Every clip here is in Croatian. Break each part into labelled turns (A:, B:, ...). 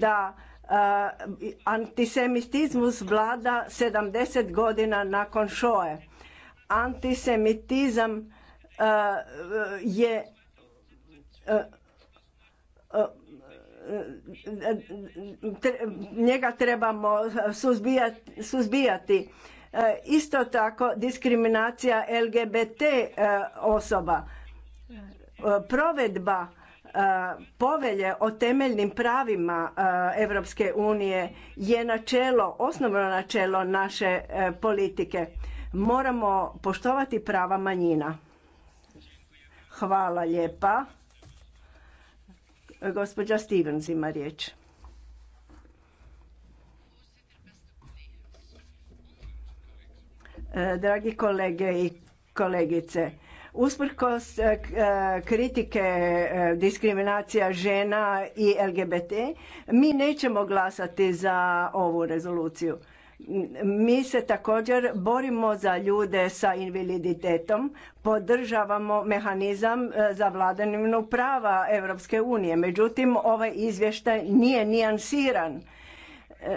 A: da eh, antisemitizmus vlada 70 godina nakon šoje. Antisemitizam eh, je eh, njega trebamo suzbijati, suzbijati. Isto tako diskriminacija LGBT osoba. Provedba E, povelje o temeljnim pravima Europske unije je načelo, osnovno načelo naše e, politike. Moramo poštovati prava manjina. Hvala lijepa. Gospođa Stevens ima riječ. E, dragi kolege i kolegice, Usprkos e, e, kritike e, diskriminacija žena i LGBT, mi nećemo glasati za ovu rezoluciju. Mi se također borimo za ljude sa invaliditetom, podržavamo mehanizam za vladavinu prava Europske unije. Međutim, ovaj izvještaj nije nijansiran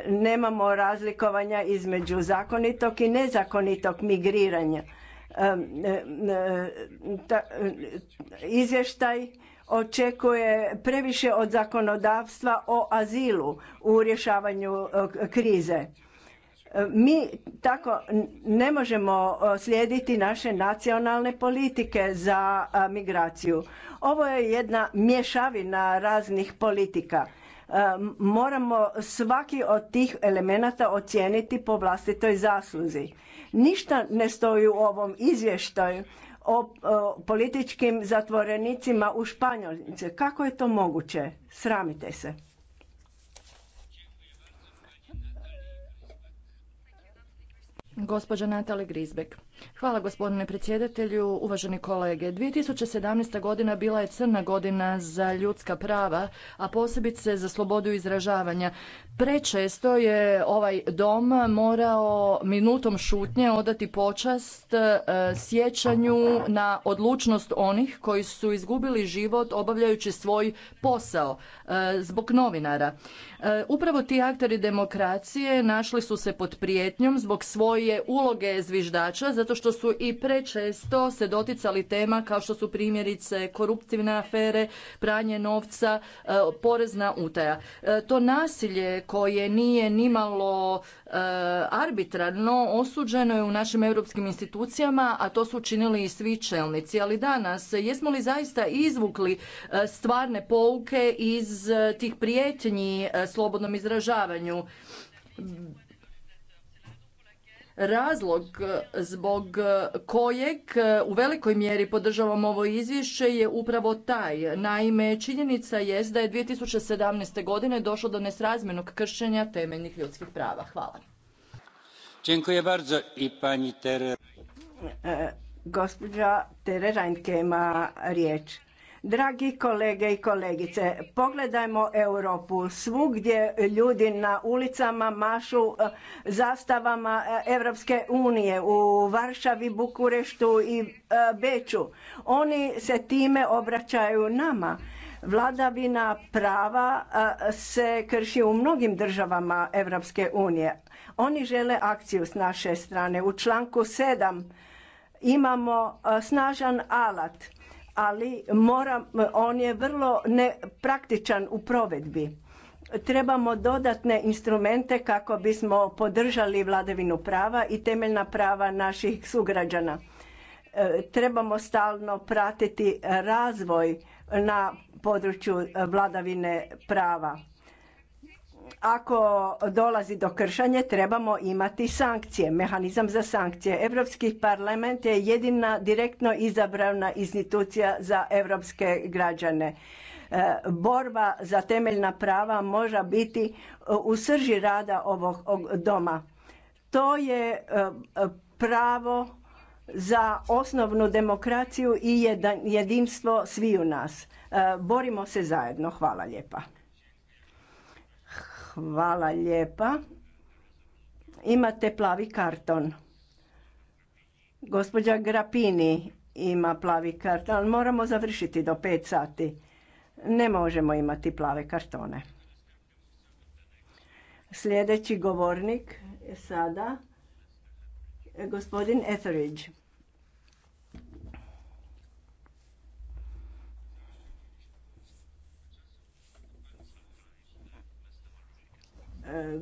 A: nemamo razlikovanja između zakonitog i nezakonitog migriranja izvještaj očekuje previše od zakonodavstva o azilu u rješavanju e, krize. Mi tako ne možemo e, slijediti naše nacionalne politike za migraciju. Ovo je jedna mješavina raznih politika. Moramo svaki od tih elemenata ocijeniti po vlastitoj zasluzi Ništa ne stoji u ovom izvještaju o, političkim zatvorenicima u Španjolnice. Kako je to moguće? Sramite se. Gospođa
B: Natalie Grisbeck. Hvala gospodine predsjedatelju, uvaženi kolege. 2017. godina bila je crna godina za ljudska prava, a posebice za slobodu izražavanja. Prečesto je ovaj dom morao minutom šutnje odati počast e, sjećanju na odlučnost onih koji su izgubili život obavljajući svoj posao e, zbog novinara. E, upravo ti aktori demokracije našli su se pod prijetnjom zbog svoje uloge zviždača, zato što su i prečesto se doticali tema kao što su primjerice koruptivne afere, pranje novca, e, porezna utaja. E, to nasilje koje nije nimalo e, arbitrarno osuđeno je u našim europskim institucijama, a to su učinili i svi čelnici. Ali danas, jesmo li zaista izvukli stvarne pouke iz tih prijetnji slobodnom izražavanju? Razlog e, zbog e, kojeg e, u velikoj mjeri podržavam ovo izvješće je upravo taj. Naime, činjenica je da je 2017. godine došlo do
A: nesrazmjernog kršenja temeljnih ljudskih prava. Hvala.
C: Dziękuję bardzo i
A: pani Tere. gospođa Tere ima riječ. Dragi kolege i kolegice, pogledajmo Europu. Svugdje ljudi na ulicama mašu e, zastavama Europske unije u Varšavi, Bukureštu i e, Beču. Oni se time obraćaju nama. Vladavina prava e, se krši u mnogim državama Europske unije. Oni žele akciju s naše strane. U članku 7 imamo snažan alat ali mora, on je vrlo nepraktičan u provedbi. Trebamo dodatne instrumente kako bismo podržali vladavinu prava i temeljna prava naših sugrađana. E, trebamo stalno pratiti razvoj na području vladavine prava ako dolazi do kršanja trebamo imati sankcije, mehanizam za sankcije. Europski parlament je jedina direktno izabrana institucija za europske građane. E, borba za temeljna prava može biti e, u srži rada ovog doma. To je e, pravo za osnovnu demokraciju i jedinstvo sviju nas. Borimo se zajedno. Hvala lijepa. Hvala lijepa. Imate plavi karton. Gospođa Grapini ima plavi karton, ali moramo završiti do pet sati. Ne možemo imati plave kartone. Sljedeći govornik je sada gospodin Etheridge.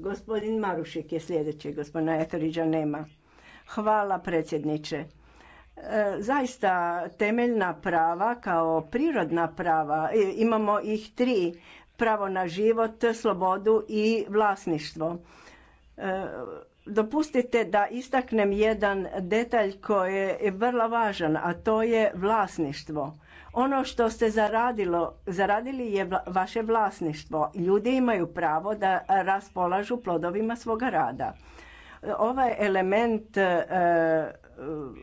A: Gospodin Marušek je sljedeći, gospodina Eteriđa nema. Hvala predsjedniče. E, zaista temeljna prava kao prirodna prava, e, imamo ih tri, pravo na život, slobodu i vlasništvo e, Dopustite da istaknem jedan detalj koji je vrlo važan, a to je vlasništvo. Ono što ste zaradilo, zaradili je vaše vlasništvo. Ljudi imaju pravo da raspolažu plodovima svoga rada. Ovaj element e,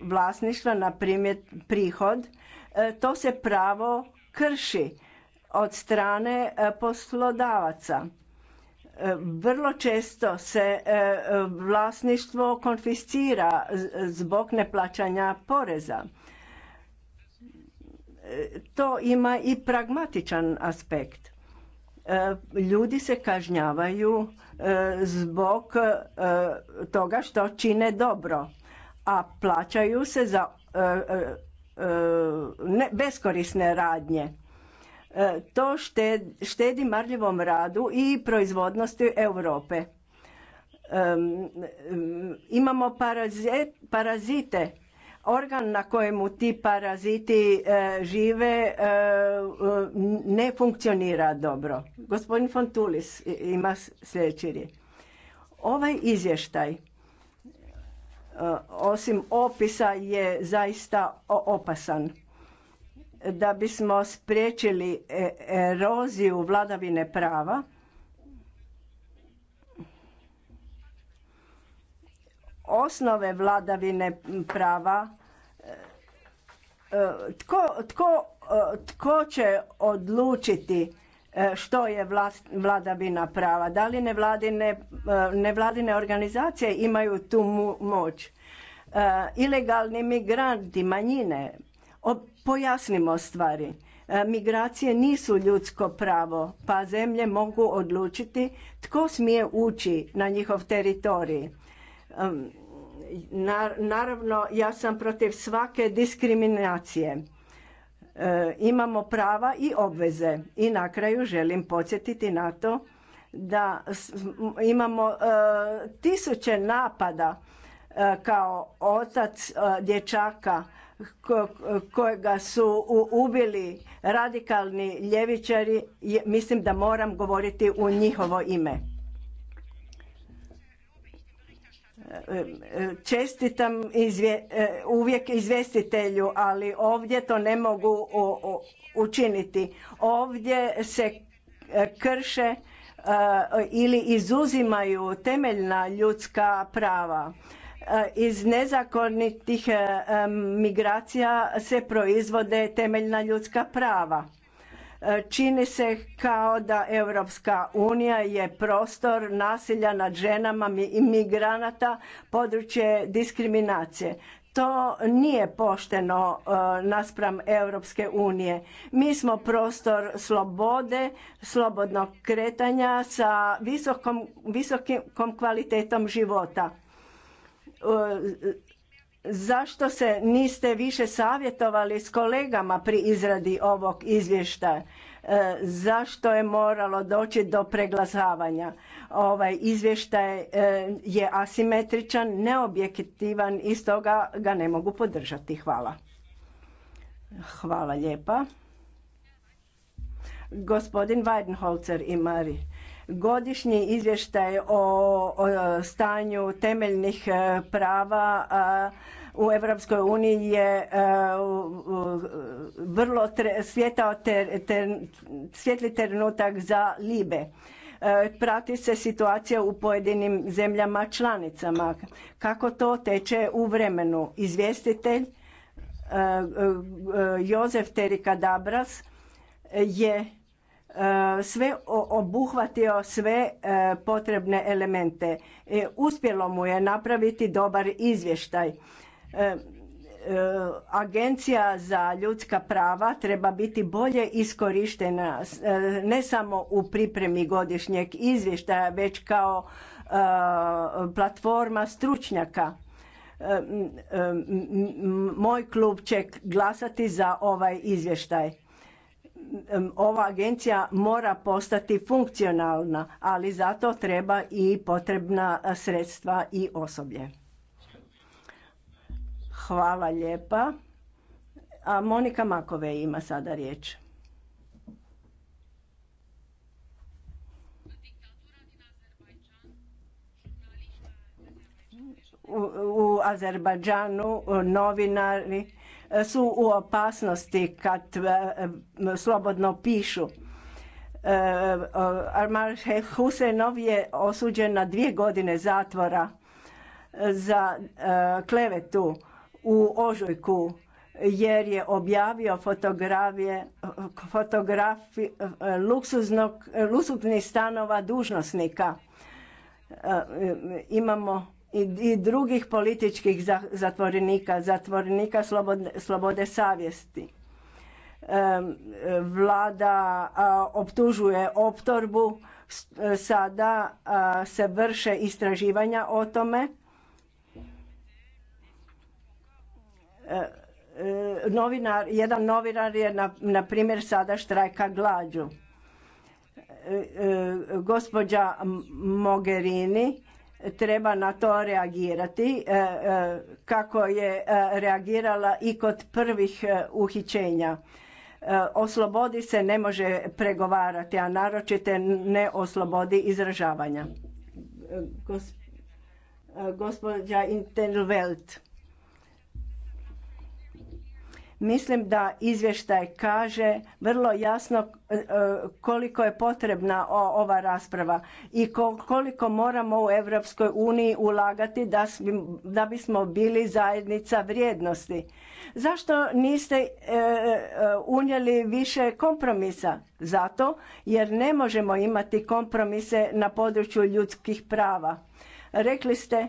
A: vlasništva, na primjer prihod, e, to se pravo krši od strane e, poslodavaca E, vrlo često se e, e, vlasništvo konfiscira zbog neplaćanja poreza. To ima i pragmatičan aspekt. Ljudi se kažnjavaju zbog toga što čine dobro, a plaćaju se za beskorisne radnje E, to štedi marljivom radu i proizvodnosti Europe. Imamo parazite. Organ na kojemu ti paraziti e, žive e, ne funkcionira dobro. Gospodin Fontulis ima sljedeći riječ. Ovaj izvještaj osim opisa je zaista opasan da bismo spriječili e, eroziju vladavine prava osnove vladavine prava e, e, tko, tko, tko će odlučiti što je vladavina prava da li nevladine, nevladine organizacije imaju tu moć ilegalni migranti manjine Pojasnimo stvari. E, migracije nisu ljudsko pravo, pa zemlje mogu odlučiti tko smije ući na njihov teritorij. E, naravno, ja sam protiv svake diskriminacije. E, imamo prava i obveze. I na kraju želim podsjetiti na to da imamo tisuće napada kao otac dječaka kojega su ubili radikalni ljevičari, mislim da moram govoriti u njihovo ime. E, e, čestitam e, uvijek izvjestitelju, ali ovdje to ne mogu učiniti. Ovdje se krše ili izuzimaju temeljna ljudska prava Eh, iz nezakonitih eh, migracija se proizvode temeljna ljudska prava. Eh, čini se kao da Europska unija je prostor nasilja nad ženama i migranata, područje diskriminacije. To nije pošteno naspram Europske unije. Mi smo prostor slobode, slobodnog kretanja sa visokom, visokom kvalitetom života zašto se niste više savjetovali s kolegama pri izradi ovog izvještaja? E, zašto je moralo doći do preglasavanja? Ovaj izvještaj e, je asimetričan, neobjektivan i stoga ga ne mogu podržati. Hvala. Hvala lijepa. Gospodin Weidenholzer ima Godišnji izvještaj o stanju temeljnih e, prava u Europskoj uniji je e, vrlo svjetao svjetli trenutak za Libe. E, prati se situacija u pojedinim zemljama članicama. Kako to teče u vremenu? Izvjestitelj Jozef Terika Dabras je sve obuhvatio sve potrebne elemente. Uspjelo mu je napraviti dobar izvještaj. Agencija za ljudska prava treba biti bolje iskorištena ne samo u pripremi godišnjeg izvještaja već kao platforma stručnjaka. Moj klub će glasati za ovaj izvještaj ova agencija mora postati funkcionalna, ali zato treba i potrebna sredstva i osoblje. Hvala lijepa. A Monika Makove ima sada riječ. U, u Azerbajdžanu novinari E, su u opasnosti kad e, slobodno pišu. E, Armar Husenov je osuđen na dvije godine zatvora za klevetu u Ožujku jer je objavio fotografije fotografi luksuznih stanova dužnosnika. Imamo i drugih političkih zatvorenika, zatvorenika slobode savjesti. Vlada optužuje optorbu, sada se vrše istraživanja o tome. E, e, novinar, jedan novinar je na, na primjer sada štrajka glađu. E, gospođa Mogherini treba na to reagirati e, e, kako je e, reagirala i kod prvih uhićenja. O slobodi se ne može pregovarati, a naročite ne o slobodi izražavanja. Gospođa Intervelt. Mislim da izvještaj kaže vrlo jasno e, e, koliko je potrebna ova rasprava i koliko moramo u Europskoj uniji ulagati da bismo bili zajednica vrijednosti. Zašto niste e, unijeli više kompromisa? Zato jer ne možemo imati kompromise na području ljudskih prava. Rekli ste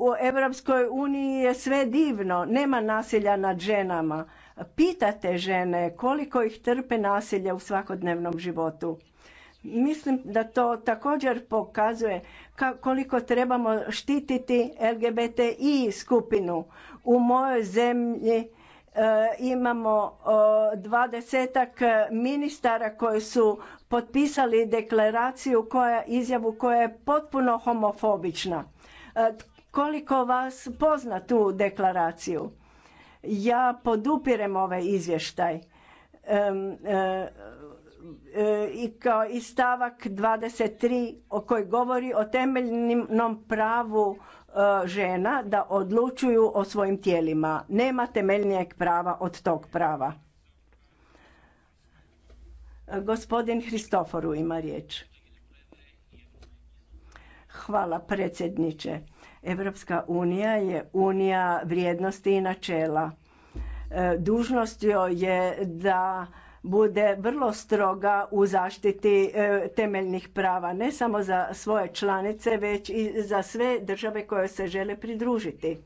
A: u Europskoj uniji je sve divno, nema nasilja nad ženama. Pitate žene koliko ih trpe nasilje u svakodnevnom životu. Mislim da to također pokazuje koliko trebamo štititi LGBTI skupinu. U mojoj zemlji e, imamo dvadesetak ministara koji su potpisali deklaraciju koja izjavu koja je potpuno homofobična E, koliko vas pozna tu deklaraciju? Ja podupirem ovaj izvještaj e, e, i kao i stavak 23 o koji govori o temeljnom pravu žena da odlučuju o svojim tijelima. Nema temeljnijeg prava od tog prava. Gospodin Hristoforu ima riječ. Hvala predsjedniče. Evropska unija je unija vrijednosti i načela. E, dužnost joj je da bude vrlo stroga u zaštiti e, temeljnih prava, ne samo za svoje članice, već i za sve države koje se žele pridružiti.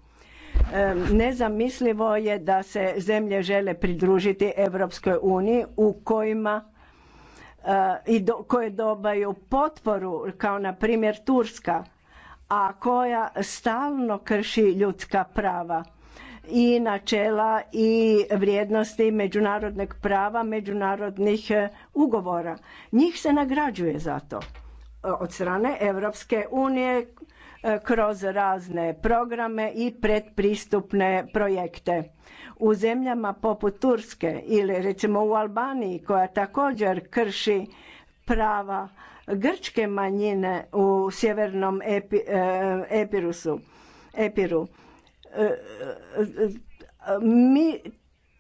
A: E, nezamislivo je da se zemlje žele pridružiti Europskoj uniji u kojima i koje dobaju potporu kao na primjer Turska a koja stalno krši ljudska prava i načela i vrijednosti međunarodnog prava, međunarodnih e, ugovora. Njih se nagrađuje za to e, od strane Europske unije e, kroz razne programe i predpristupne projekte. U zemljama poput Turske ili recimo u Albaniji koja također krši prava grčke manjine u sjevernom e, epirusu, Epiru. E, e, mi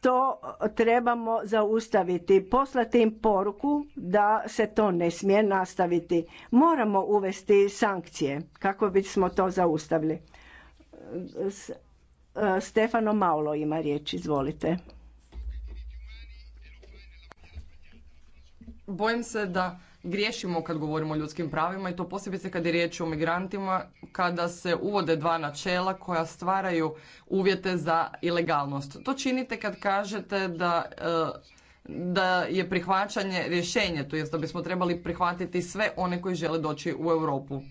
A: to trebamo zaustaviti, poslati im poruku da se to ne smije nastaviti. Moramo uvesti sankcije kako bismo to zaustavili. E, Stefano Maulo ima riječ, izvolite.
D: Bojim se da griješimo kad govorimo o ljudskim pravima i to posebice kad je riječ o migrantima, kada se uvode dva načela koja stvaraju uvjete za ilegalnost. To činite kad kažete da e, da je prihvaćanje rješenje, to da bismo trebali prihvatiti sve one koji žele doći u Europu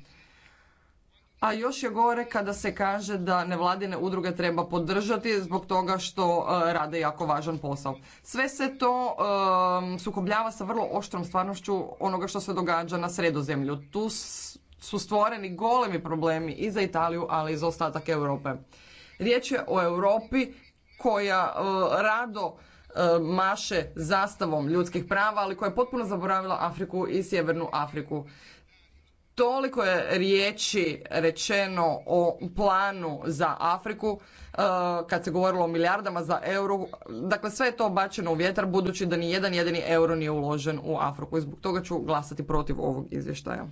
D: a još je gore kada se kaže da nevladine udruge treba podržati zbog toga što e, rade jako važan posao. Sve se to e, sukobljava sa vrlo oštrom stvarnošću onoga što se događa na sredozemlju. Tu su stvoreni golemi problemi i za Italiju, ali i za ostatak Europe. Riječ je o Europi koja e, rado maše zastavom ljudskih prava, ali koja je potpuno zaboravila Afriku i Sjevernu Afriku toliko je riječi rečeno o planu za Afriku e, kad se govorilo o milijardama za euro. Dakle, sve je to bačeno u vjetar budući da ni jedan jedini euro nije uložen u Afriku i zbog toga ću glasati protiv ovog izvještaja.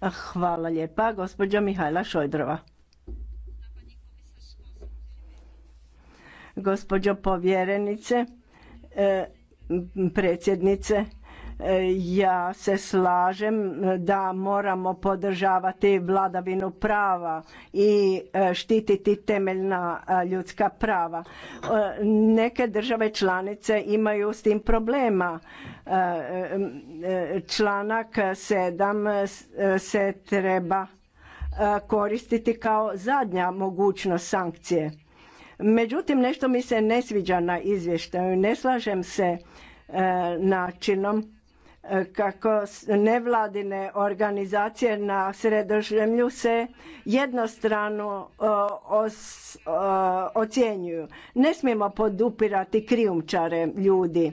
A: Ah, hvala lijepa. Gospođa Mihajla Šojdrova. Gospođo povjerenice, e, predsjednice, E, ja se slažem da moramo podržavati vladavinu prava i e, štititi temeljna e, ljudska prava. Neke države članice imaju s tim problema. Članak 7 se treba koristiti kao zadnja mogućnost sankcije. Međutim, nešto mi se ne sviđa na izvještaju. Ne slažem se načinom E, kako nevladine organizacije na sredozemlju se jednostrano e, e, ocjenjuju. Ne smijemo podupirati krijumčare ljudi.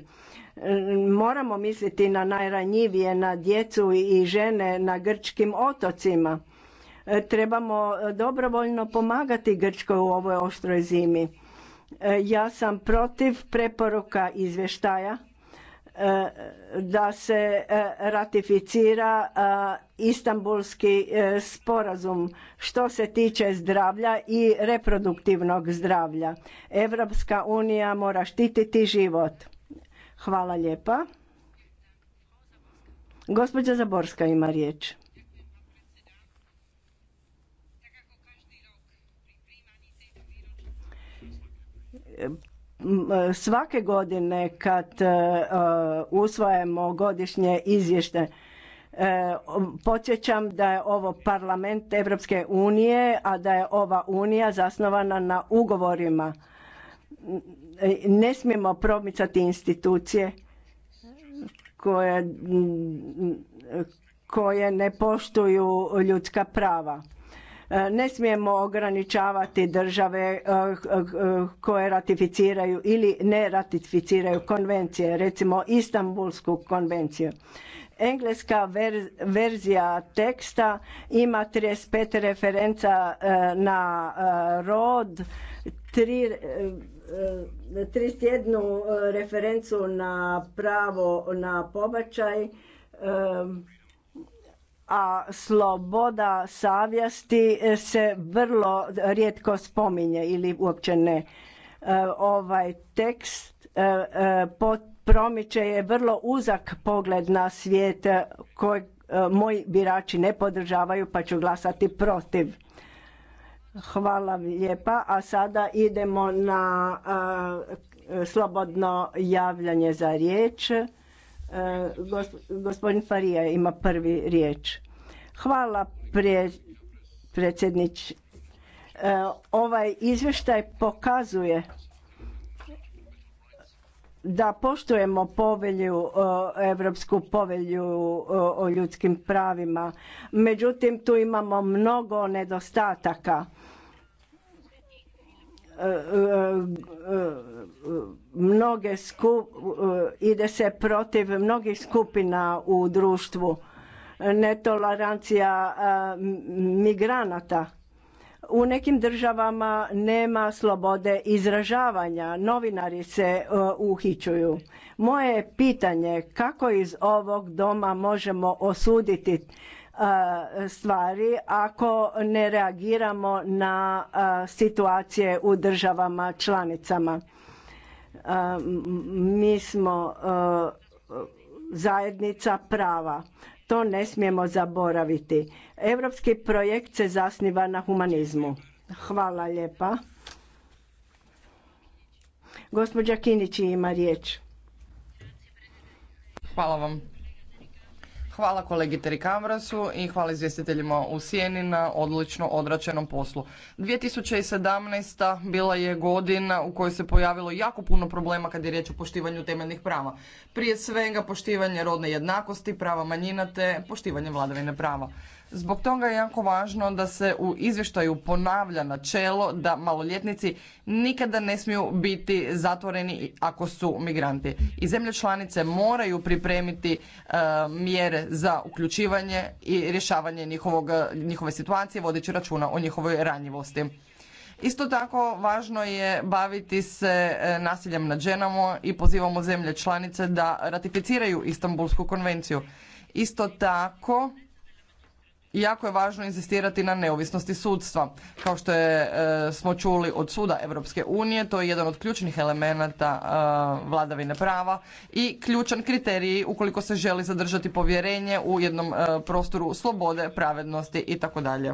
A: Moramo misliti na najranjivije, na djecu i žene na grčkim otocima. Trebamo dobrovoljno pomagati Grčkoj u ovoj oštroj zimi. Ja sam protiv preporuka izvještaja da se e, ratificira e, Istanbulski e, sporazum što se tiče zdravlja i reproduktivnog zdravlja. Evropska unija mora štititi život. Hvala lijepa. Gospođa Zaborska ima riječ. E, svake godine kad e, e, usvajamo godišnje izvješte podsjećam da je ovo parlament Europske unije, a da je ova unija zasnovana na ugovorima. Ne smijemo promicati institucije koje, koje ne poštuju ljudska prava E, ne smijemo ograničavati države e, e, koje ratificiraju ili ne ratificiraju konvencije, recimo Istanbulsku konvenciju. Engleska verzija teksta ima 35 referenca na rod, 31 referencu na pravo na pobačaj, a sloboda savjesti se vrlo rijetko spominje ili uopće ne. E, ovaj tekst e, e, promiče je vrlo uzak pogled na svijet kojeg moji birači ne podržavaju pa ću glasati protiv. Hvala lijepa. A sada idemo na slobodno javljanje za riječ. Gospodin Farija ima prvi riječ. Hvala pre, e, Ovaj izvještaj pokazuje da poštujemo povelju, Europsku povelju e, o ljudskim pravima. Međutim, tu imamo mnogo nedostataka mnoge skup, ide se protiv mnogih skupina u društvu netolerancija migranata u nekim državama nema slobode izražavanja novinari se e, uhićuju moje je pitanje kako iz ovog doma možemo osuditi stvari ako ne reagiramo na situacije u državama članicama. Mi smo zajednica prava. To ne smijemo zaboraviti. Europski projekt se zasniva na humanizmu. Hvala lijepa. Gospođa Kinić ima riječ. Hvala vam.
D: Hvala kolegi Kamrasu i hvala izvjestiteljima u Sjeni na odlično odračenom poslu. 2017. bila je godina u kojoj se pojavilo jako puno problema kad je riječ o poštivanju temeljnih prava. Prije svega poštivanje rodne jednakosti, prava manjina te poštivanje vladavine prava. Zbog toga je jako važno da se u izvještaju ponavlja načelo da maloljetnici nikada ne smiju biti zatvoreni ako su migranti. I zemlje članice moraju pripremiti e, mjere za uključivanje i rješavanje njihove situacije vodeći računa o njihovoj ranjivosti. Isto tako važno je baviti se e, nasiljem nad ženama i pozivamo zemlje članice da ratificiraju Istanbulsku konvenciju. Isto tako jako je važno inzistirati na neovisnosti sudstva. Kao što je, e, smo čuli od suda Europske unije, to je jedan od ključnih elemenata e, vladavine prava i ključan kriterij ukoliko se želi zadržati povjerenje u jednom e, prostoru slobode, pravednosti i tako dalje.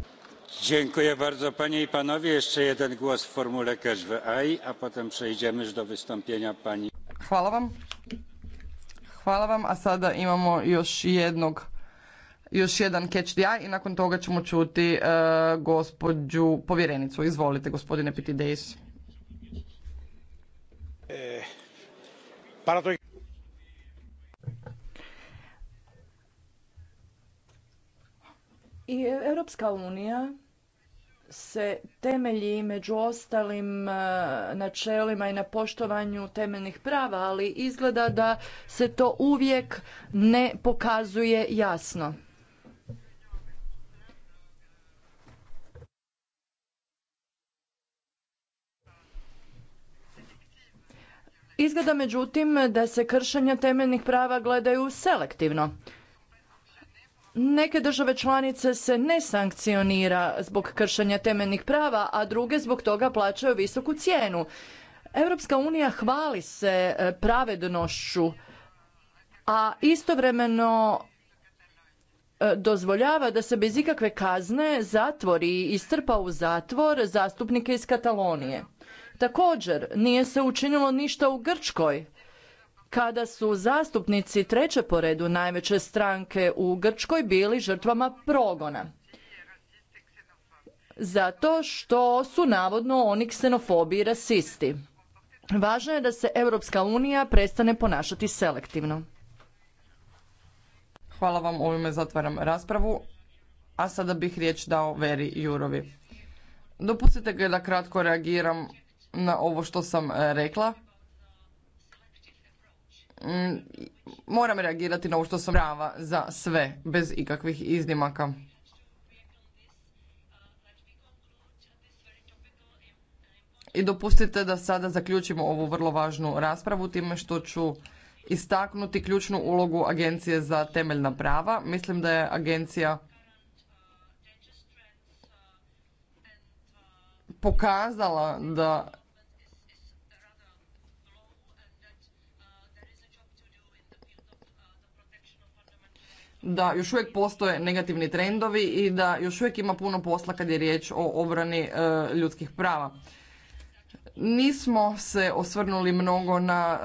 B: Dziękuję bardzo panie i panowie. Jeszcze jeden głos w formule
A: catch a potem przejdziemy do wystąpienia pani.
D: Hvala vam. Hvala vam, a sada imamo još jednog još jedan catch the eye i nakon toga ćemo čuti uh, gospođu povjerenicu. Izvolite, gospodine Pitideis.
C: E,
B: I Europska unija se temelji među ostalim e, načelima i na poštovanju temeljnih prava, ali izgleda da se to uvijek ne pokazuje jasno. Izgleda međutim da se kršenja temeljnih prava gledaju selektivno. Neke države članice se ne sankcionira zbog kršenja temeljnih prava, a druge zbog toga plaćaju visoku cijenu. Europska unija hvali se e, pravednošću, a istovremeno e, dozvoljava da se bez ikakve kazne zatvori i strpa u zatvor zastupnike iz Katalonije. Također, nije se učinilo ništa u Grčkoj kada su zastupnici treće po redu najveće stranke u Grčkoj bili žrtvama progona. Zato što su navodno oni ksenofobi i rasisti. Važno je da se Europska unija prestane ponašati selektivno. Hvala vam, ovime zatvaram raspravu.
D: A sada bih riječ dao Veri Jurovi. Dopustite ga da kratko reagiram na ovo što sam rekla Mm, moram reagirati na ovo što sam prava za sve, bez ikakvih iznimaka. I dopustite da sada zaključimo ovu vrlo važnu raspravu time što ću istaknuti ključnu ulogu Agencije za temeljna prava. Mislim da je agencija pokazala da da još uvijek postoje negativni trendovi i da još uvijek ima puno posla kad je riječ o obrani e, ljudskih prava. Nismo se osvrnuli mnogo na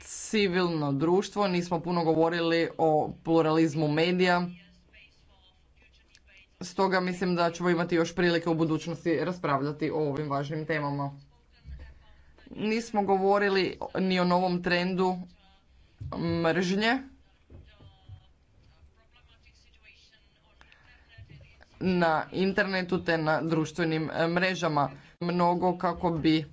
D: civilno društvo, nismo puno govorili o pluralizmu medija. Stoga mislim da ćemo imati još prilike u budućnosti raspravljati o ovim važnim temama. Nismo govorili ni o novom trendu mržnje na internetu te na društvenim e, mrežama. Mnogo kako bi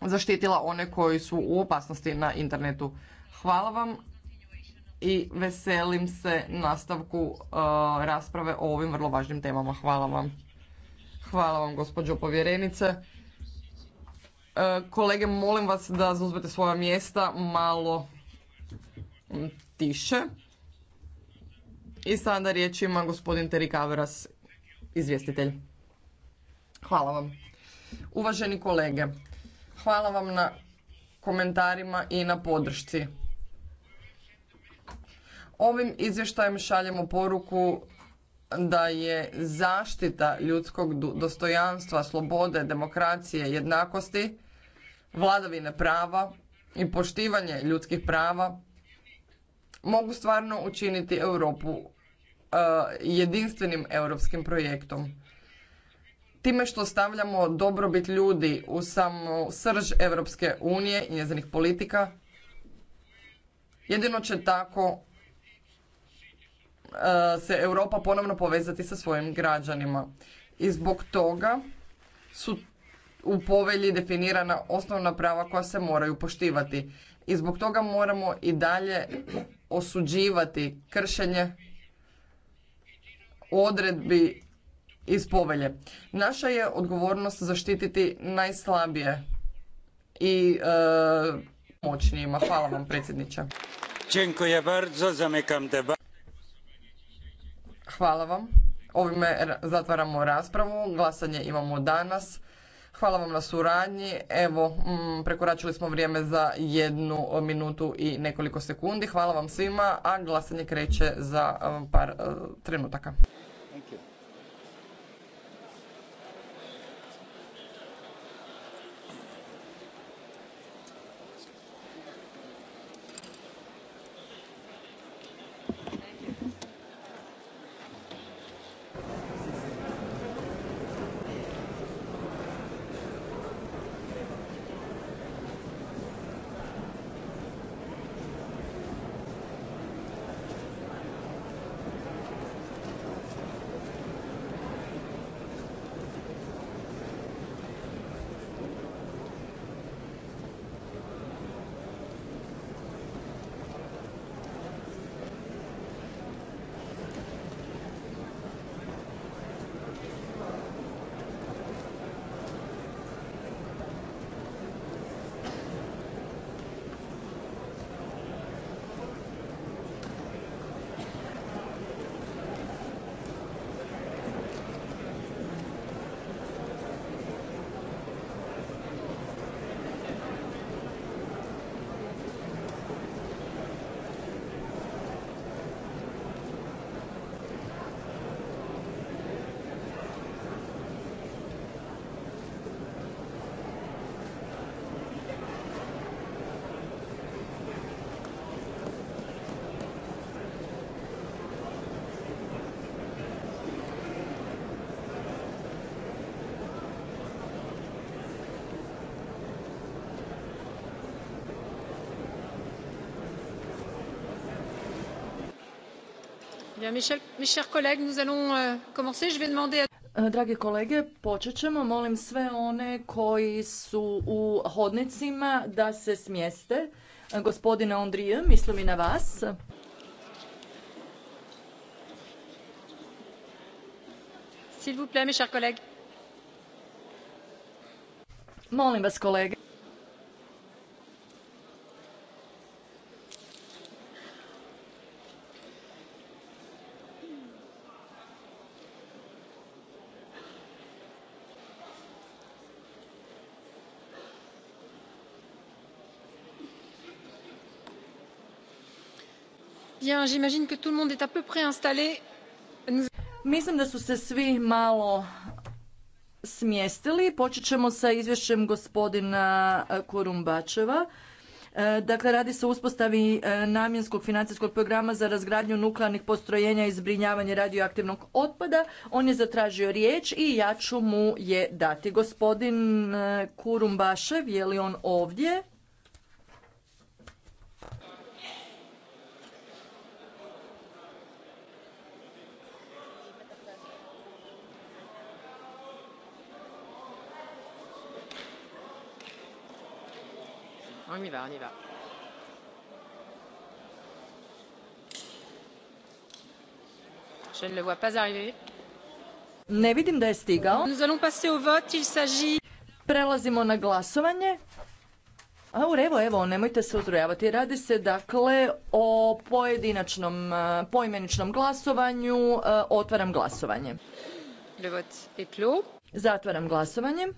D: zaštitila one koji su u opasnosti na internetu. Hvala vam i veselim se nastavku e, rasprave o ovim vrlo važnim temama. Hvala vam. Hvala vam gospođo povjerenice. E, kolege, molim vas da zauzmete svoja mjesta malo tiše. I sada riječ ima gospodin Terik Averas, izvjestitelj. Hvala vam. Uvaženi kolege, hvala vam na komentarima i na podršci. Ovim izvještajem šaljemo poruku da je zaštita ljudskog dostojanstva, slobode, demokracije, jednakosti, vladavine prava i poštivanje ljudskih prava mogu stvarno učiniti Europu E, jedinstvenim europskim projektom. Time što stavljamo dobrobit ljudi u samu srž Europske unije i njezinih politika, jedino će tako e, se Europa ponovno povezati sa svojim građanima. I zbog toga su u povelji definirana osnovna prava koja se moraju poštivati. I zbog toga moramo i dalje osuđivati kršenje odredbi iz povelje. Naša je odgovornost zaštititi najslabije i e, moćnijima. Hvala vam predsjedniče. Hvala vam. Ovime zatvaramo raspravu. Glasanje imamo danas. Hvala vam na suradnji. Evo, mm, prekoračili smo vrijeme za jednu minutu i nekoliko sekundi. Hvala vam svima, a glasanje kreće za um, par uh, trenutaka.
B: Dragi kolege, počet ćemo. Molim sve one koji su u hodnicima da se smjeste. E, gospodine Andrije, mislim i na vas. S'il vous plaît, mes chers collègues. Molim vas kolege, Mislim da su se svi malo smjestili. Počet ćemo sa izvješćem gospodina eh, Kurumbačeva. Eh, dakle, radi se o uspostavi eh, namjenskog financijskog programa za razgradnju nuklearnih postrojenja i zbrinjavanje radioaktivnog otpada. On je zatražio riječ i ja ću mu je dati. Gospodin Kurumbašev, je li on ovdje?
C: On y va, on Je ne le vois
B: pas arriver. Ne vidim da je stigao. Nous allons passer au vote, il s'agit... Prelazimo na glasovanje. A u revo, evo, nemojte se uzrujavati. Radi se dakle o pojedinačnom, e, poimeničnom glasovanju. E, otvaram glasovanje. Le vote est clos. Zatvaram glasovanje.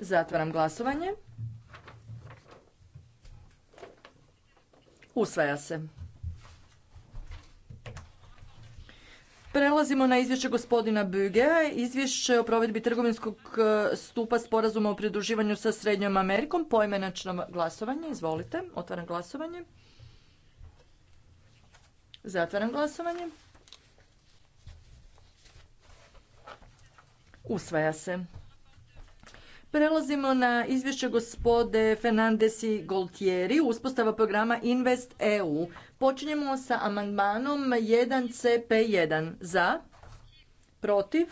B: Zatvaram glasovanje. Usvaja se. Prelazimo na izvješće gospodina Büge, izvješće o provedbi trgovinskog e, stupa sporazuma o pridruživanju sa Srednjom Amerikom, poimenačno glasovanje, izvolite, otvaram glasovanje. Zatvaram glasovanje. Usvaja se. Prelazimo na izvješće gospode Fernandesi Goltieri Goltieri, uspostava programa Invest EU. Počinjemo sa amandmanom 1CP1. Za, protiv,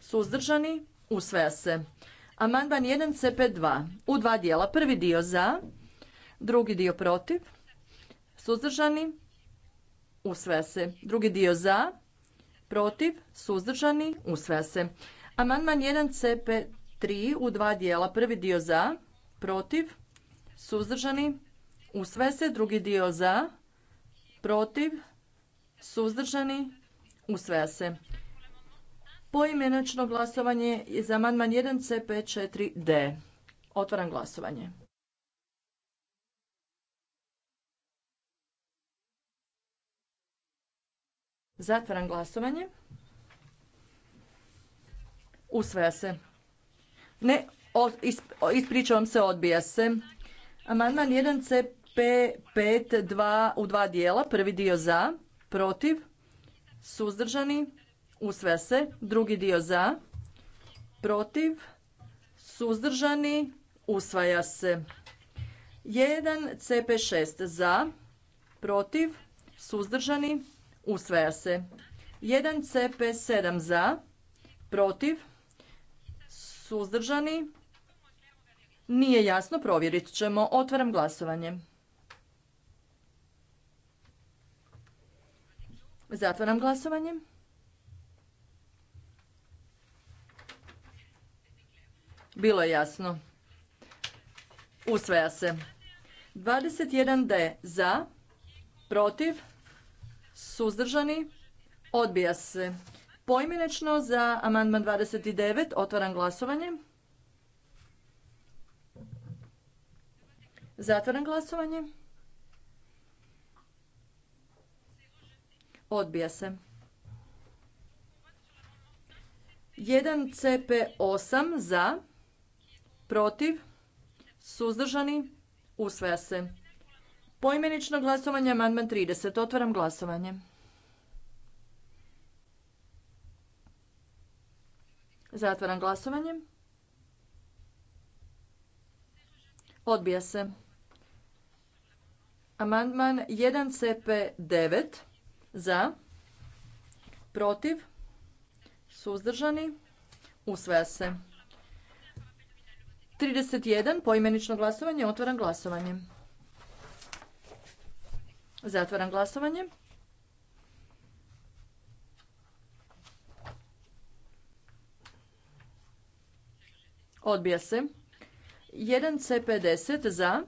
B: suzdržani, usvaja se. Amandman 1CP2 u dva dijela. Prvi dio za, drugi dio protiv, suzdržani, usvaja se. Drugi dio za, protiv, suzdržani, usvaja se. Amandman 1CP Tri u dva dijela. Prvi dio za, protiv, suzdržani, usve se. Drugi dio za, protiv, suzdržani, usvaja se. Poimenačno glasovanje je za amandman 1CP4D. Otvaram glasovanje. Zatvaram glasovanje. Usvaja se. Ne, ispričavam se, odbija se. Amandman 1CP5 u dva dijela. Prvi dio za, protiv, suzdržani, usvaja se. Drugi dio za, protiv, suzdržani, usvaja se. 1CP6 za, protiv, suzdržani, usvaja se. 1CP7 za, protiv, Suzdržani? Nije jasno, provjerit ćemo. Otvaram glasovanje. Zatvaram glasovanje. Bilo je jasno. Usvaja se. 21D za, protiv, suzdržani, odbija se. Poimenečno za amandman 29 otvaram glasovanje. Zatvaram glasovanje. Odbija se. 1 CP8 za, protiv, suzdržani, usvaja se. Poimenično glasovanje, amandman 30. Otvaram glasovanje. Zatvaram glasovanje. Odbija se. Amandman 1CP9 za, protiv, suzdržani, usvaja se. 31 poimenično glasovanje, otvaram glasovanje. Zatvaram glasovanje. Odbija se. 1C50 za,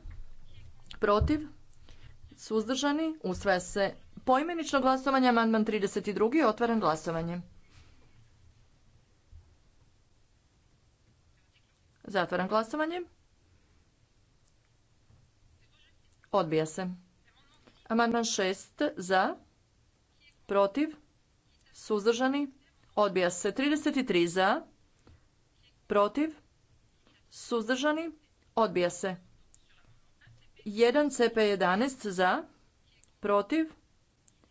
B: protiv, suzdržani, ustvaja se. Poimenično glasovanje, amandman 32. Otvaram glasovanje. Zatvaram glasovanje. Odbija se. Amandman 6 za, protiv, suzdržani, odbija se. 33 za, protiv, Suzdržani? Odbija se. 1 CP11 za. Protiv?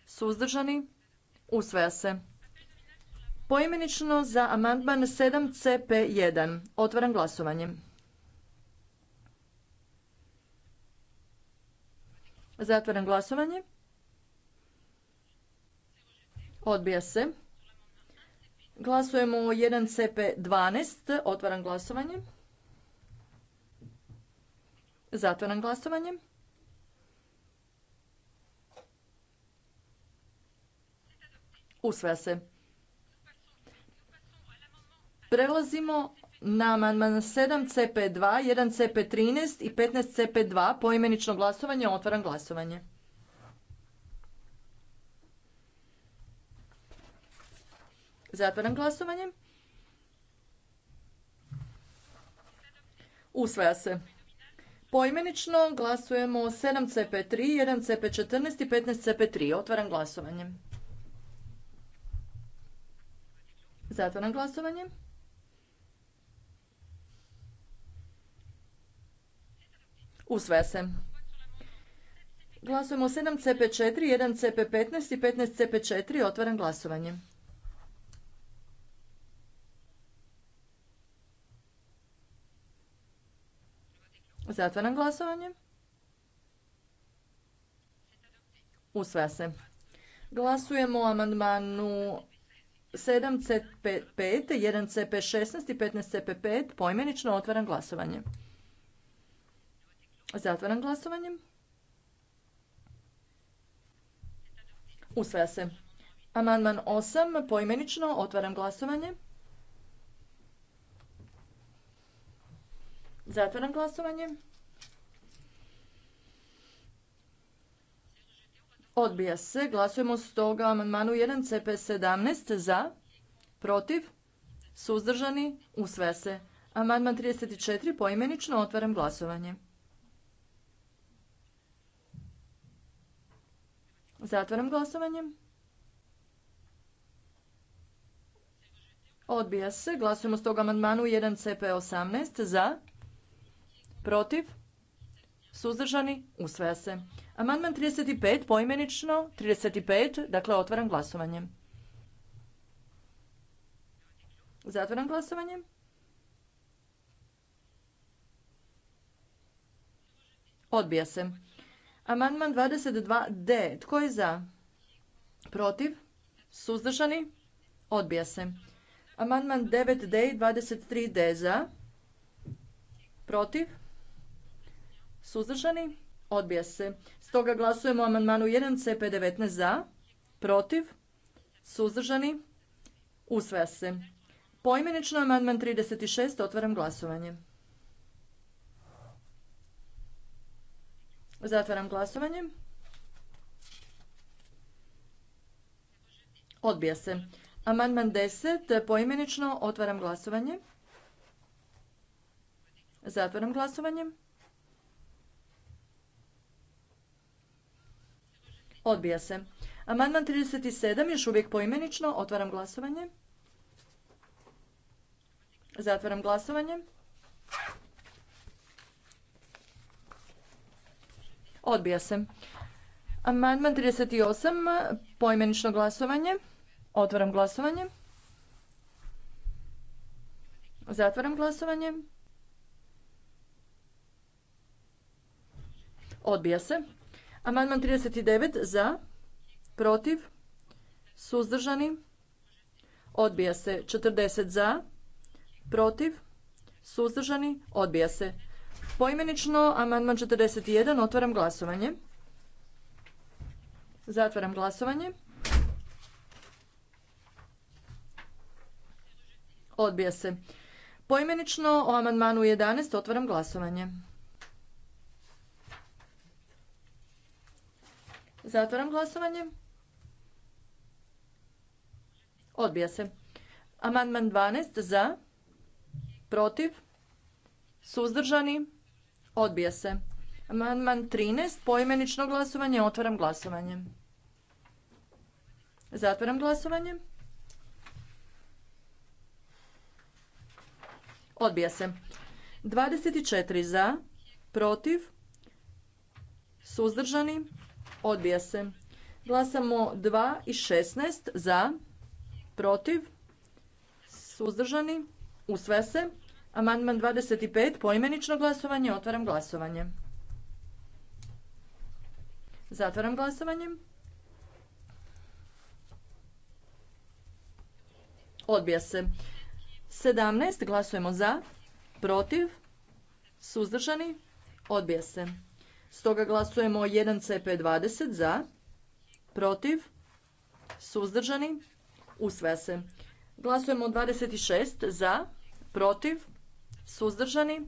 B: Suzdržani? Usvaja se. Poimenično za amandman 7 CP1. Otvaram glasovanje. Zatvaram glasovanje. Odbija se. Glasujemo 1 CP12. Otvaram glasovanje. Zatvoran glasovanje. Usvaja se. Prelazimo na amandman 7 CP2, 1 CP13 i 15 CP2 poimenično glasovanje. Otvaram glasovanje. Zatvaram glasovanje. Usvaja se. Poimenično glasujemo 7CP3, 1CP14 i 15CP3. Otvaram glasovanje. Zatvaram glasovanje. Usvaja se. Glasujemo 7CP4, 1CP15 i 15CP4. Otvaram glasovanje. Zatvaram glasovanje. Usvaja se. Glasujemo o amandmanu 7CP5, 1CP16 i 15CP5. Poimenično otvaram glasovanje. Zatvaram glasovanje. Usvaja se. Amandman 8. Poimenično otvaram glasovanje. Zatvaram glasovanje. Odbija se. Glasujemo stoga o amandmanu 1 CP17 za, protiv, suzdržani, usvaja se. Amandman 34 poimenično otvaram glasovanje. Zatvaram glasovanje. Odbija se. Glasujemo stoga amandmanu 1 CP18 za, Protiv? Suzdržani? Usvaja se. Amandman 35, poimenično, 35, dakle otvaram glasovanje. Zatvaram glasovanje. Odbija se. Amandman 22D. Tko je za? Protiv? Suzdržani? Odbija se. Amandman 9D i 23D za? Protiv? Suzdržani? Odbija se. Stoga glasujemo amandmanu 1 CP19 za, protiv, suzdržani, usvaja se. Poimenično amandman 36, otvaram glasovanje. Zatvaram glasovanje. Odbija se. Amandman 10, poimenično otvaram glasovanje. Zatvaram glasovanje. Odbija se. Amandman 37, još uvijek poimenično. Otvaram glasovanje. Zatvaram glasovanje. Odbija se. Amandman 38, poimenično glasovanje. Otvaram glasovanje. Zatvaram glasovanje. Odbija se. Amandman 39 za, protiv, suzdržani, odbija se. 40 za, protiv, suzdržani, odbija se. Poimenično, amandman 41, otvaram glasovanje. Zatvaram glasovanje. Odbija se. Poimenično o amandmanu 11 otvaram glasovanje. Zatvaram glasovanje. Odbija se. Amandman 12 za, protiv, suzdržani, odbija se. Amandman 13, poimenično glasovanje, otvaram glasovanje. Zatvaram glasovanje. Odbija se. 24 za, protiv, suzdržani, Odbija se. Glasamo 2 i 16 za, protiv, suzdržani, usve se. Amandman 25, poimenično glasovanje, otvaram glasovanje. Zatvaram glasovanje. Odbija se. 17, glasujemo za, protiv, suzdržani, odbija se. Stoga glasujemo 1 CP20 za, protiv, suzdržani, usvaja se. Glasujemo 26 za, protiv, suzdržani,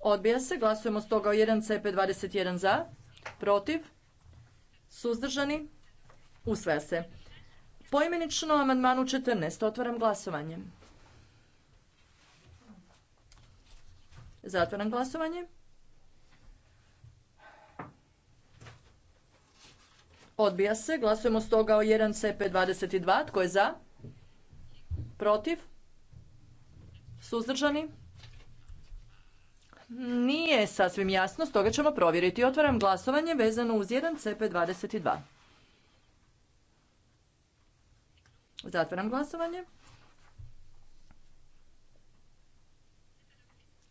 B: odbija se. Glasujemo stoga 1 CP21 za, protiv, suzdržani, usvaja se. Poimenično amandmanu 14. Otvaram glasovanje. Zatvaram glasovanje. Odbija se. Glasujemo stoga o 1 CP22. Tko je za? Protiv? Suzdržani? Nije sasvim jasno, stoga ćemo provjeriti. Otvaram glasovanje vezano uz 1 CP22. Zatvaram glasovanje.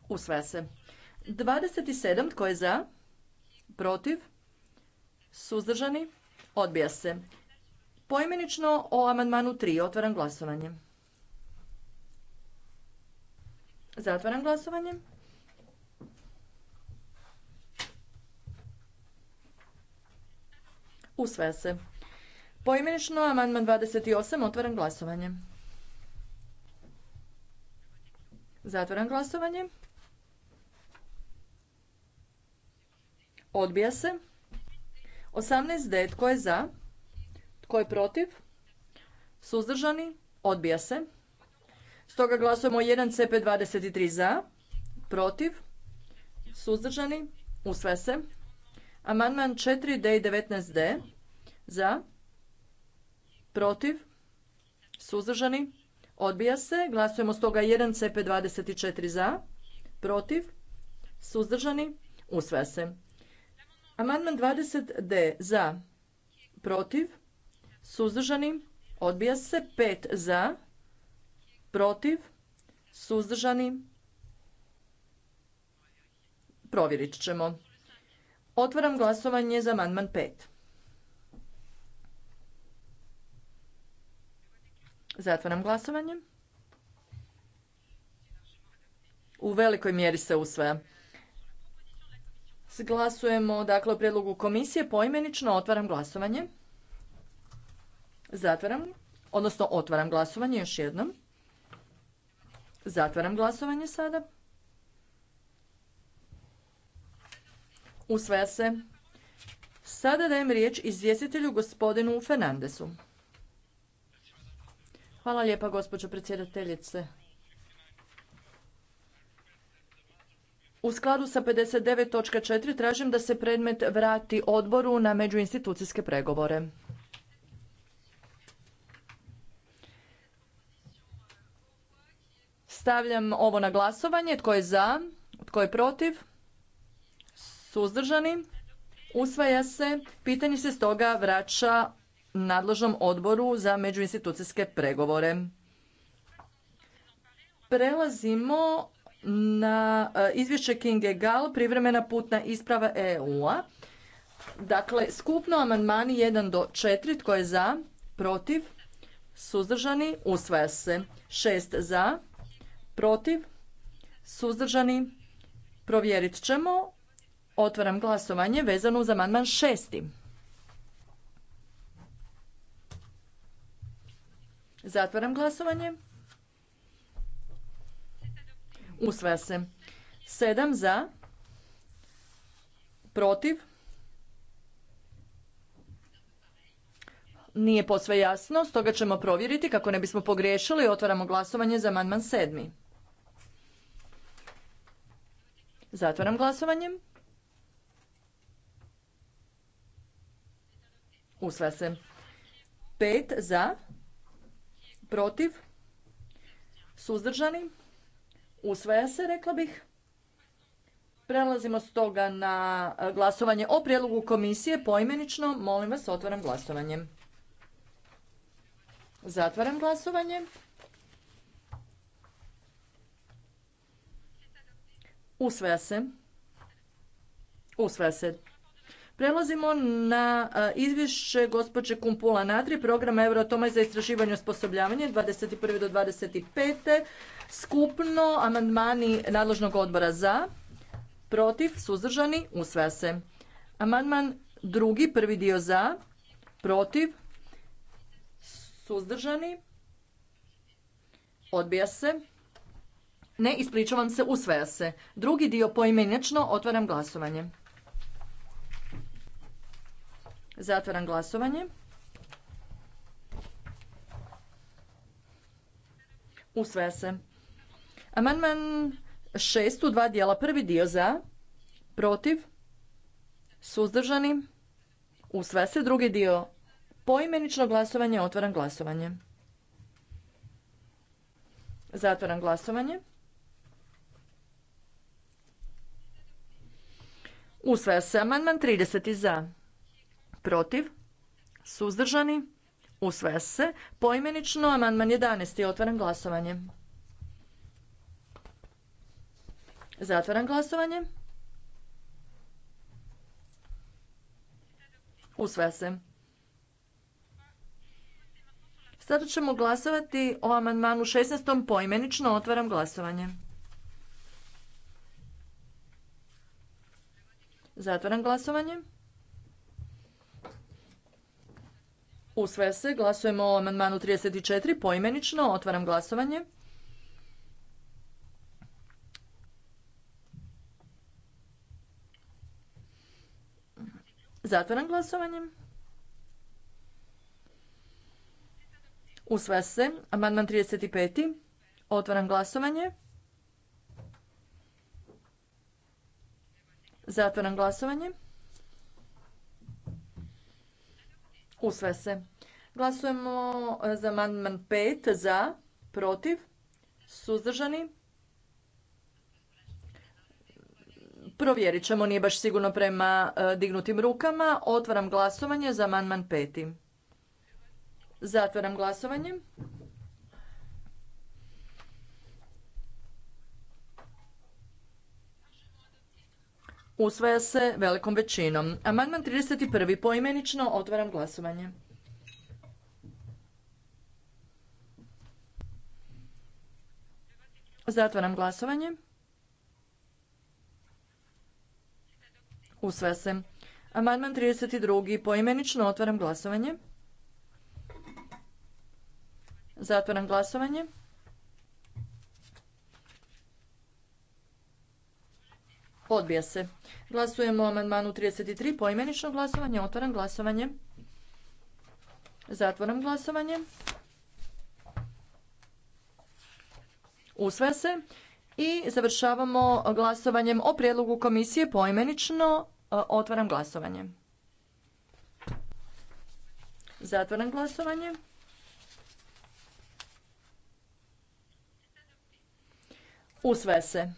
B: Usvaja se. 27. Tko je za? Protiv? Suzdržani? Odbija se. Poimenično o amandmanu 3. Otvaram glasovanje. Zatvaram glasovanje. Usvaja se. Poimenično amandman 28. Otvaram glasovanje. Zatvaram glasovanje. Odbija se. 18D. Tko je za? Tko je protiv? Suzdržani? Odbija se. Stoga glasujemo 1CP23 za, protiv, suzdržani, usve se. Amandman 4D i 19D za, protiv, suzdržani, odbija se. Glasujemo stoga 1CP24 za, protiv, suzdržani, usve se. Amandman 20D za, protiv, suzdržani, odbija se. 5 za, protiv, suzdržani, provjerit ćemo. Otvaram glasovanje za amandman 5. Zatvaram glasovanje. U velikoj mjeri se usvaja. Glasujemo dakle o prijedlogu komisije poimenično otvaram glasovanje. Zatvaram, odnosno otvaram glasovanje još jednom. Zatvaram glasovanje sada. Usvaja se. Sada dajem riječ izvjestitelju gospodinu Fernandesu. Hvala lijepa gospođo predsjedateljice. U skladu sa 59.4 tražim da se predmet vrati odboru na međuinstitucijske pregovore. Stavljam ovo na glasovanje. Tko je za? Tko je protiv? Suzdržani? Usvaja se. Pitanje se stoga vraća nadležnom odboru za međuinstitucijske pregovore. Prelazimo na e, izvješće Kinge Gal, privremena putna isprava EU-a. Dakle, skupno amandmani 1 do 4, tko je za, protiv, suzdržani, usvaja se. 6 za, protiv, suzdržani, provjerit ćemo. Otvaram glasovanje vezano uz amandman 6. Zatvaram glasovanje. Usvaja se. Sedam za. Protiv. Nije posve jasno, stoga ćemo provjeriti kako ne bismo pogriješili. Otvaramo glasovanje za amandman sedmi. Zatvaram glasovanje. Usvaja se. Pet za, protiv, suzdržani. Usvaja se, rekla bih. Prelazimo stoga na e, glasovanje o prijedlogu komisije poimenično. Molim vas, otvaram glasovanje. Zatvaram glasovanje. Usvaja se. Usvaja se. Prelazimo na izvješće gospođe Kumpula Natri, programa Eurotoma za istraživanje i osposobljavanje 21. do 25. Skupno amandmani nadležnog odbora za, protiv, suzdržani, usvaja se. Amandman drugi, prvi dio za, protiv, suzdržani, odbija se. Ne, ispričavam se, usvaja se. Drugi dio poimenično otvaram glasovanje. Zatvaram glasovanje. Usvaja se. Amandman šest u dva dijela. Prvi dio za, protiv, suzdržani. Usvaja se drugi dio. Poimenično glasovanje, otvaram glasovanje. Zatvaram glasovanje. Usvaja se amandman 30 za protiv, suzdržani, usvaja se. Poimenično, amandman 11. Otvaram glasovanje. Zatvaram glasovanje. Usvaja se. Sada ćemo glasovati o amandmanu 16. poimenično. Otvaram glasovanje. Zatvaram glasovanje. Usvaja se. Glasujemo o amandmanu 34 poimenično. Otvaram glasovanje. Zatvaram glasovanje. Usvaja se. Amandman 35. Otvaram glasovanje. Zatvaram glasovanje. Usve se. Glasujemo za amandman 5 za, protiv, suzdržani. Provjerit ćemo, nije baš sigurno prema e, dignutim rukama. Otvaram glasovanje za amandman 5. Zatvaram glasovanje. Usvaja se velikom većinom. Amandman 31. Poimenično otvaram glasovanje. Zatvaram glasovanje. Usvaja se. Amandman 32. Poimenično otvaram glasovanje. Zatvaram glasovanje. Odbija se. Glasujemo o amandmanu 33. Poimenično glasovanje. Otvaram glasovanje. Zatvaram glasovanje. Usve se. I završavamo glasovanjem o prijedlogu komisije poimenično. E, otvaram glasovanje. Zatvaram glasovanje. Usvaja se.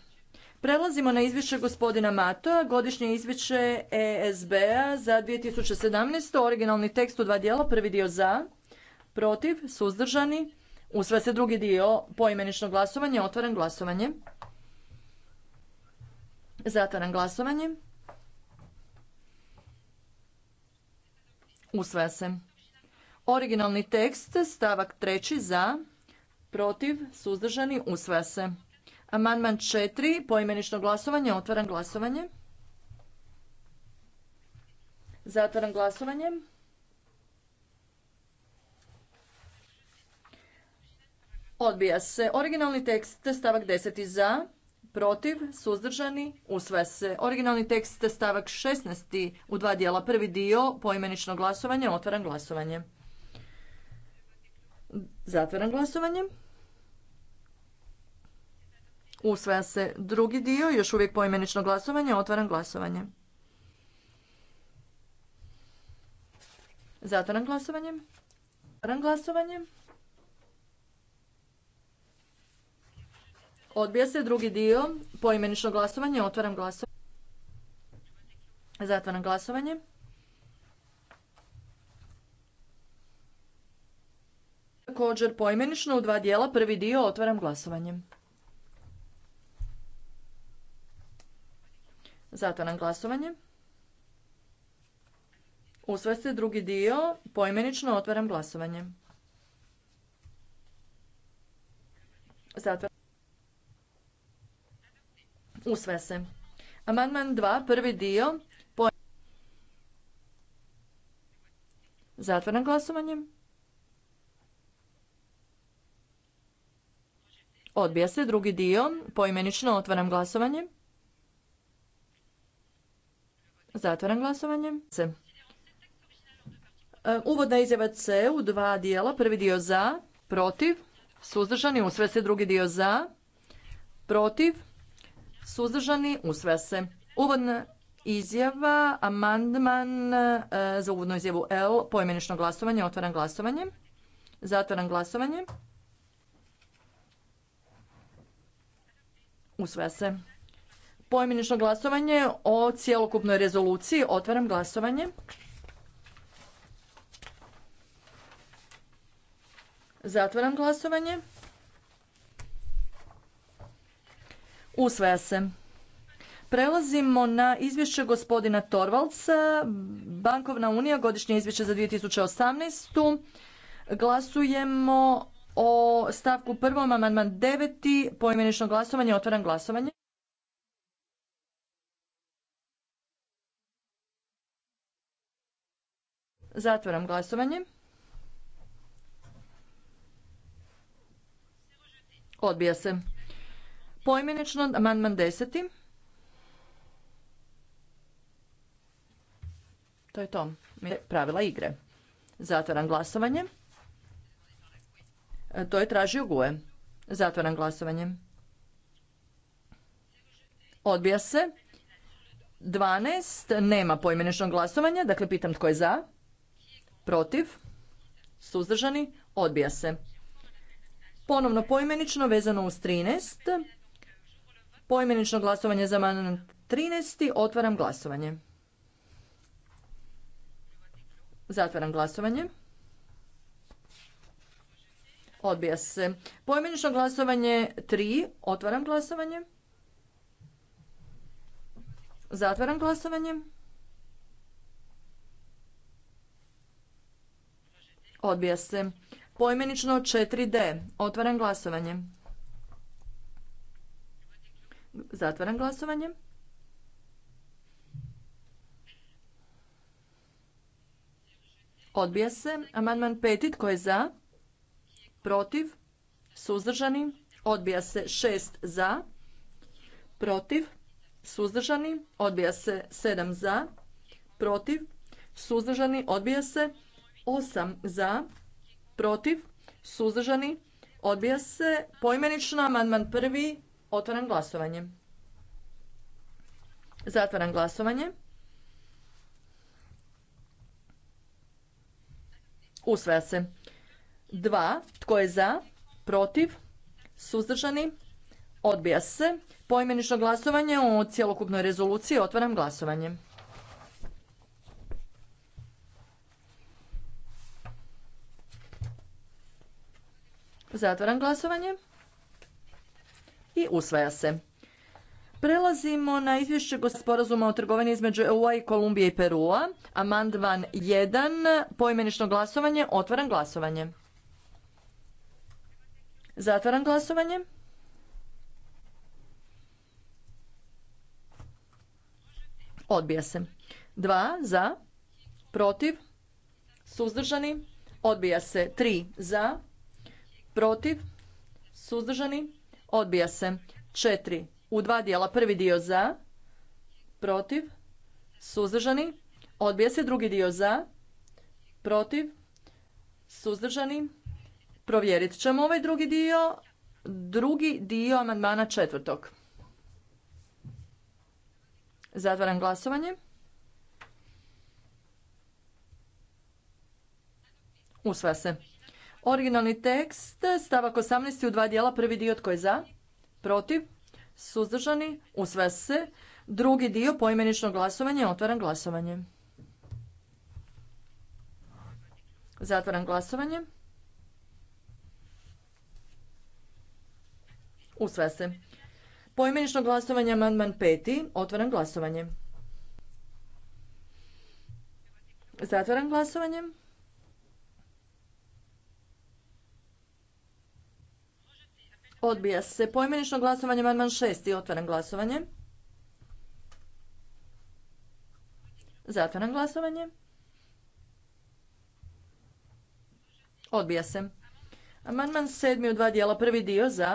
B: Prelazimo na izvješće gospodina Matoa, godišnje izvješće ESB-a za 2017. Originalni tekst u dva dijela, prvi dio za, protiv, suzdržani, usvaja se drugi dio poimenično glasovanje, otvoren glasovanje. Zatvaram glasovanje. Usvaja se. Originalni tekst, stavak treći za, protiv, suzdržani, usvaja se. Amandman četiri, poimenično glasovanje, otvaram glasovanje. Zatvaram glasovanje. Odbija se originalni tekst stavak 10 za, protiv, suzdržani, usvaja se. Originalni tekst stavak 16 u dva dijela. Prvi dio poimenično glasovanje, otvaram glasovanje. Zatvaram glasovanje. Usvaja se drugi dio, još uvijek poimenično glasovanje, otvaram glasovanje. Zatvaram glasovanje. Otvaram glasovanje. Odbija se drugi dio, poimenično glasovanje, otvaram glasovanje. Zatvaram glasovanje. Također poimenično u dva dijela, prvi dio, otvaram glasovanje. Zatvaram glasovanje. Usvaja se drugi dio, poimenično otvaram glasovanje. Zatvaram. Usvaja se. Amandman 2, prvi dio. Po... Zatvaram glasovanje. Odbija se drugi dio, poimenično otvaram glasovanje. Zatvaram glasovanje. E, uvodna izjava C u dva dijela. Prvi dio za, protiv, suzdržani, usve se. Drugi dio za, protiv, suzdržani, usve se. Uvodna izjava, amandman e, za uvodnu izjavu L, poimenično glasovanje, otvaram glasovanje. Zatvaram glasovanje. Usve se poimenično glasovanje o cjelokupnoj rezoluciji. Otvaram glasovanje. Zatvaram glasovanje. Usvaja se. Prelazimo na izvješće gospodina Torvalca, Bankovna unija, godišnje izvješće za 2018. Glasujemo o stavku prvom, amandman 9. Poimenično glasovanje, otvaram glasovanje. Zatvaram glasovanje. Odbija se. Poimenično amandman deseti. To je to. Pravila igre. Zatvaram glasovanje. E, to je tražio guje. Zatvaram glasovanje. Odbija se. 12. Nema poimeničnog glasovanja. Dakle, pitam tko je za protiv, suzdržani, odbija se. Ponovno poimenično vezano uz 13. Poimenično glasovanje za amandman 13. Otvaram glasovanje. Zatvaram glasovanje. Odbija se. Poimenično glasovanje 3. Otvaram glasovanje. Zatvaram glasovanje. Odbija se. Poimenično 4D. Otvaram glasovanje. Zatvaram glasovanje. Odbija se. Amandman Petit Tko je za? Protiv? Suzdržani? Odbija se. Šest za. Protiv? Suzdržani? Odbija se. Sedam za. Protiv? Suzdržani? Odbija se. 8 za, protiv, suzdržani, odbija se. Poimenično, amandman prvi, otvaram glasovanje. Zatvaram glasovanje. Usvaja se. Dva, Tko je za? Protiv? Suzdržani? Odbija se. Poimenično glasovanje u cjelokupnoj rezoluciji. Otvaram glasovanje. Zatvaram glasovanje. I usvaja se. Prelazimo na izvješće sporazuma o trgovini između eu i Kolumbije i Perua. Amandman 1, poimenično glasovanje, otvaram glasovanje. Zatvaram glasovanje. Odbija se. 2 za, protiv, suzdržani, odbija se. 3 za, protiv, suzdržani, odbija se. četiri u dva dijela, prvi dio za, protiv, suzdržani, odbija se drugi dio za, protiv, suzdržani. Provjerit ćemo ovaj drugi dio, drugi dio amandmana četvrtog. Zatvaram glasovanje. Usvaja se. Originalni tekst, stavak 18. u dva dijela, prvi dio tko je za, protiv, suzdržani, usvaja se. Drugi dio poimenično glasovanje, otvaram glasovanje. Zatvaram glasovanje. Usvaja se. Poimenično glasovanje amandman peti. Otvaram glasovanje. Zatvaram glasovanje. Odbija se poimenično glasovanje amandman 6 i otvaram glasovanje. Zatvaram glasovanje. Odbija se. Amandman sedmi u dva dijela. Prvi dio za,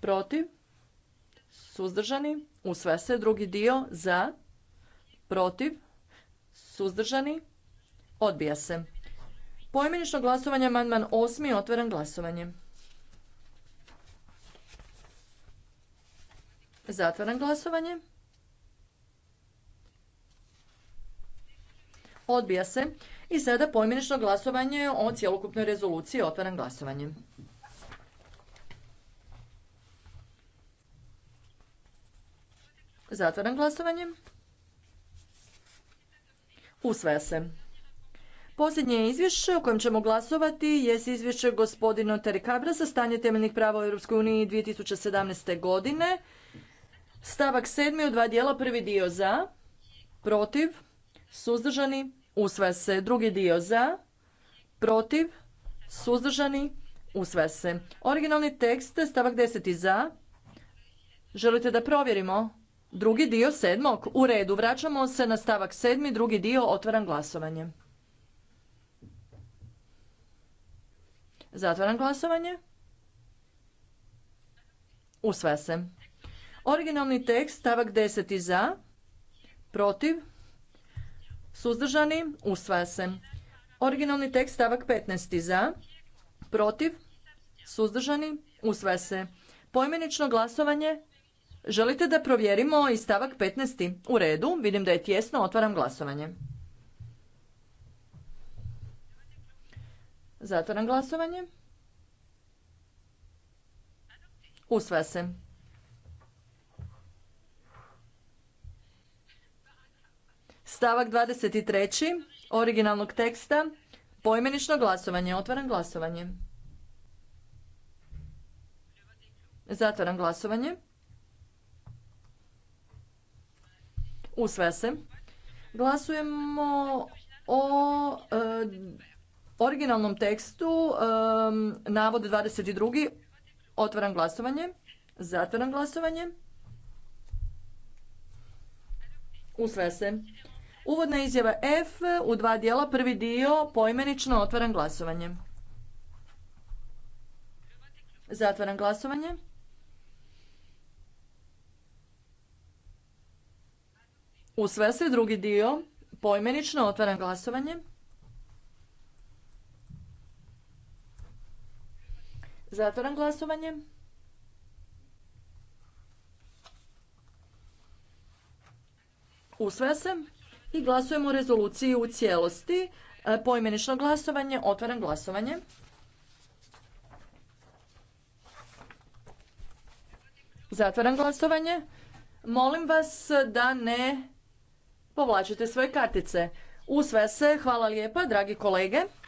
B: protiv, suzdržani, usvaja se. Drugi dio za, protiv, suzdržani, odbija se. Poimenično glasovanje amandman osmi, otvaram glasovanje. Zatvaram glasovanje. Odbija se. I sada pojmenično glasovanje o cjelokupnoj rezoluciji. Otvaram glasovanje. Zatvaram glasovanje. Usvaja se. Posljednje izvješće o kojem ćemo glasovati je izvješće gospodina Terikabra sa stanje temeljnih prava u EU 2017. godine. Stavak sedmi u dva dijela, prvi dio za, protiv, suzdržani, usvaja se. Drugi dio za, protiv, suzdržani, usvaja se. Originalni tekst, stavak deseti za. Želite da provjerimo? Drugi dio sedmog. U redu, vraćamo se na stavak sedmi, drugi dio, otvaram glasovanje. Zatvaram glasovanje. Usvaja se. Originalni tekst, stavak 10. za, protiv, suzdržani, usvaja se. Originalni tekst, stavak 15. za, protiv, suzdržani, usvaja se. Pojmenično glasovanje, želite da provjerimo i stavak 15. U redu, vidim da je tjesno, otvaram glasovanje. Zatvaram glasovanje. Usvaja se. Stavak 23. originalnog teksta. Poimenično glasovanje. Otvaram glasovanje. Zatvaram glasovanje. Usvaja se. Glasujemo o e, originalnom tekstu e, navode 22. Otvaram glasovanje. Zatvaram glasovanje. Usvaja se. Uvodna izjava F u dva dijela, prvi dio poimenično otvaram glasovanje. Zatvaram glasovanje. sve se drugi dio, poimenično otvaram glasovanje. Zatvaram glasovanje. Usvaja se i glasujemo o rezoluciji u cijelosti. E, poimenično glasovanje, otvaram glasovanje. Zatvaram glasovanje. Molim vas da ne povlačite svoje kartice. sve se, hvala lijepa, dragi kolege.